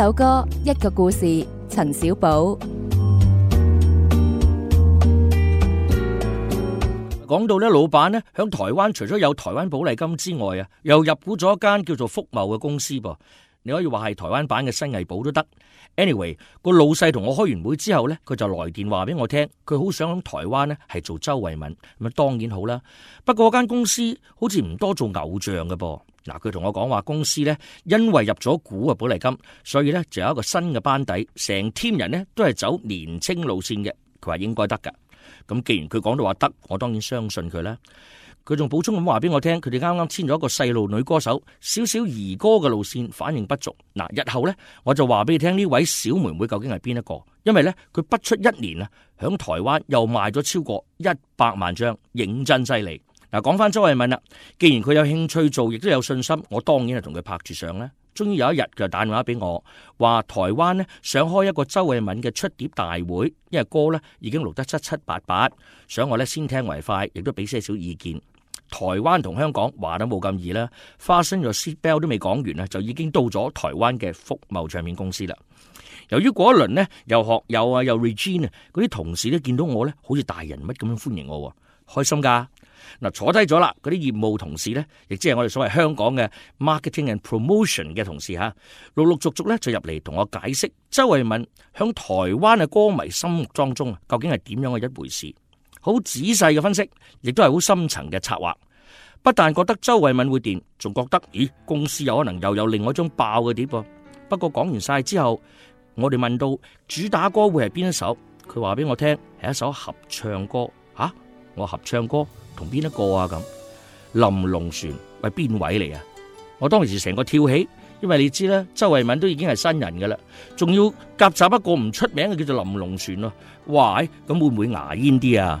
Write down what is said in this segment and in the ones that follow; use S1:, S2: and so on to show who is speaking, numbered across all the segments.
S1: 首歌一個故事，陳少寶
S2: 講到咧，老闆咧響台灣，除咗有台灣寶麗金之外啊，又入股咗一間叫做福茂嘅公司噃。你可以話係台灣版嘅新藝寶都得。Anyway，個老細同我開完會之後咧，佢就來電話俾我聽，佢好想喺台灣咧係做周慧敏。咁啊，當然好啦。不過間公司好似唔多做偶像嘅噃。嗱，佢同我講話，公司呢，因為入咗股啊，寶麗金，所以呢就有一個新嘅班底，成 team 人呢都係走年輕路線嘅。佢話應該得㗎。咁既然佢講到話得，我當然相信佢啦。佢仲補充咁話俾我聽，佢哋啱啱簽咗一個細路女歌手，小小兒歌嘅路線反應不俗。嗱，日後呢，我就話俾你聽呢位小妹妹究竟係邊一個，因為呢，佢不出一年啊，響台灣又賣咗超過一百萬張，認真犀利。嗱，講翻周慧敏啦，既然佢有興趣做，亦都有信心，我當然係同佢拍住上啦。終於有一日佢就打電話俾我，話台灣咧想開一個周慧敏嘅出碟大會，因為歌咧已經錄得七七八八，想我咧先聽為快，亦都俾些少意見。台灣同香港話得冇咁易啦，花生咗 sit bell 都未講完啊，就已經到咗台灣嘅福茂唱片公司啦。由於嗰一輪咧又學友啊，又 Regine 啊，嗰啲同事都見到我咧好似大人物咁樣歡迎我喎。開心噶嗱，坐低咗啦，嗰啲業務同事呢，亦即係我哋所謂香港嘅 marketing and promotion 嘅同事吓，陸陸續續咧就入嚟同我解釋周慧敏響台灣嘅歌迷心目當中究竟係點樣嘅一回事，好仔細嘅分析，亦都係好深層嘅策劃。不但覺得周慧敏會掂，仲覺得咦，公司有可能又有另外一張爆嘅碟噃。不過講完晒之後，我哋問到主打歌會係邊一首，佢話俾我聽係一首合唱歌。我合唱歌同邊一個啊？咁林隆璇係邊位嚟啊？我當時成個跳起，因為你知啦，周慧敏都已經係新人噶啦，仲要夾雜一個唔出名嘅叫做林隆璇咯。喂，咁、欸、會唔會牙煙啲啊？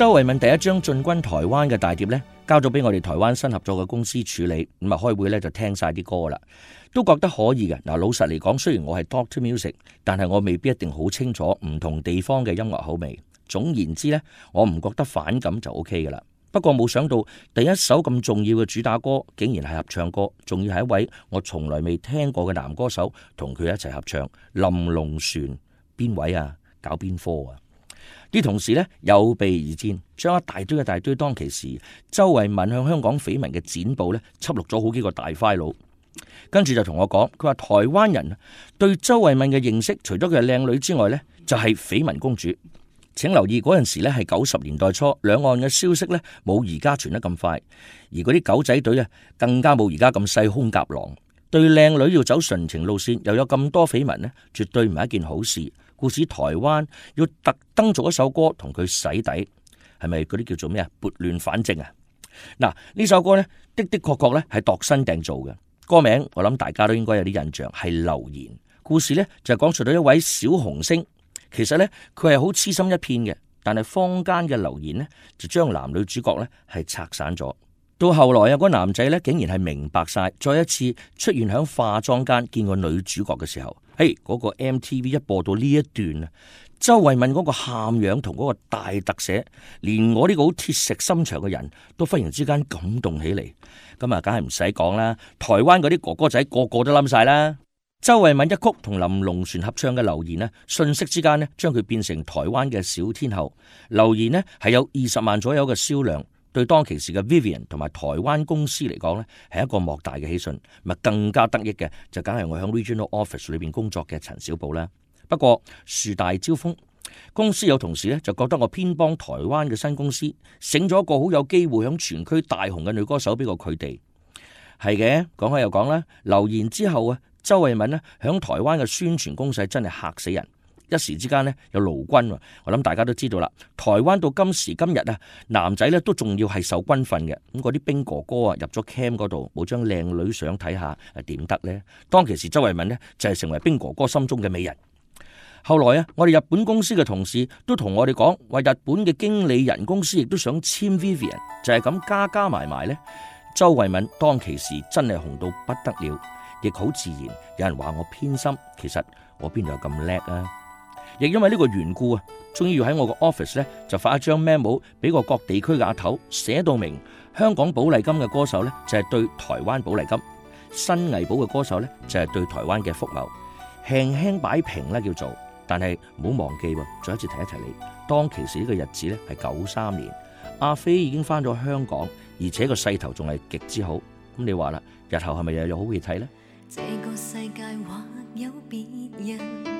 S2: 周慧敏第一張進軍台灣嘅大碟咧，交咗俾我哋台灣新合作嘅公司處理。咁啊，開會咧就聽晒啲歌啦,都覺得可以嘅。嗱，老實嚟講，雖然我係 Doctor Music，但係我未必一定好清楚唔同地方嘅音樂口味。總言之呢，我唔覺得反感就 OK 噶啦。不過冇想到第一首咁重要嘅主打歌，竟然係合唱歌，仲要係一位我從來未聽過嘅男歌手同佢一齊合唱。林隆璇。邊位啊？搞邊科啊？啲同事呢，有備而戰，將一大堆一大堆當其時周慧敏向香港緋聞嘅剪報呢，輯錄咗好幾個大快佬，跟住就同我講，佢話台灣人對周慧敏嘅認識除咗佢係靚女之外呢，就係緋聞公主。請留意嗰陣時呢，係九十年代初，兩岸嘅消息呢冇而家傳得咁快，而嗰啲狗仔隊啊更加冇而家咁細空夾狼。對靚女要走純情路線，又有咁多緋聞呢，絕對唔係一件好事。故事台灣要特登做一首歌同佢洗底，係咪嗰啲叫做咩啊？撥亂反正啊！嗱，呢首歌呢的的確確呢係度身訂造嘅。歌名我諗大家都應該有啲印象，係流言。故事呢就係講述到一位小紅星，其實呢，佢係好痴心一片嘅，但係坊間嘅流言呢，就將男女主角呢係拆散咗。到後來有個男仔呢，竟然係明白晒，再一次出現喺化妝間見個女主角嘅時候。誒，嗰個 MTV 一播到呢一段啊，周慧敏嗰個喊樣同嗰個大特寫，連我呢個好鐵石心腸嘅人都忽然之間感動起嚟。咁啊，梗係唔使講啦，台灣嗰啲哥哥仔個個都冧晒啦。周慧敏一曲同林隆璇合唱嘅留言呢，瞬息之間呢，將佢變成台灣嘅小天后。留言呢係有二十萬左右嘅銷量。對當其時嘅 Vivian 同埋台灣公司嚟講呢係一個莫大嘅喜訊。咪更加得益嘅就梗係我響 Regional Office 裏面工作嘅陳少寶啦。不過樹大招風，公司有同事呢就覺得我偏幫台灣嘅新公司，醒咗一個好有機會響全區大紅嘅女歌手俾過佢哋。係嘅，講開又講啦，流言之後啊，周慧敏呢響台灣嘅宣傳攻勢真係嚇死人。一時之間咧，有勞軍，我諗大家都知道啦。台灣到今時今日啊，男仔咧都仲要係受軍訓嘅。咁嗰啲兵哥哥啊，入咗 cam 嗰度，冇張靚女相睇下，誒點得呢？當其時，周慧敏咧就係成為兵哥哥心中嘅美人。後來啊，我哋日本公司嘅同事都同我哋講，喂，日本嘅經理人公司亦都想簽 Vivian，就係咁加加埋埋咧。周慧敏當其時真係紅到不得了，亦好自然。有人話我偏心，其實我邊度有咁叻啊？亦因為呢個緣故啊，終於要喺我個 office 呢，就發一張 memo 俾個各地區阿頭，寫到明香港寶麗金嘅歌手呢，就係對台灣寶麗金，新藝寶嘅歌手呢，就係對台灣嘅福茂，輕輕擺平啦叫做，但係唔好忘記，再一次提一提你，當其時呢個日子呢，係九三年，阿飛已經翻咗香港，而且個勢頭仲係極之好，咁你話啦，日後係咪又有好戲睇咧？
S1: 這個世界還有別人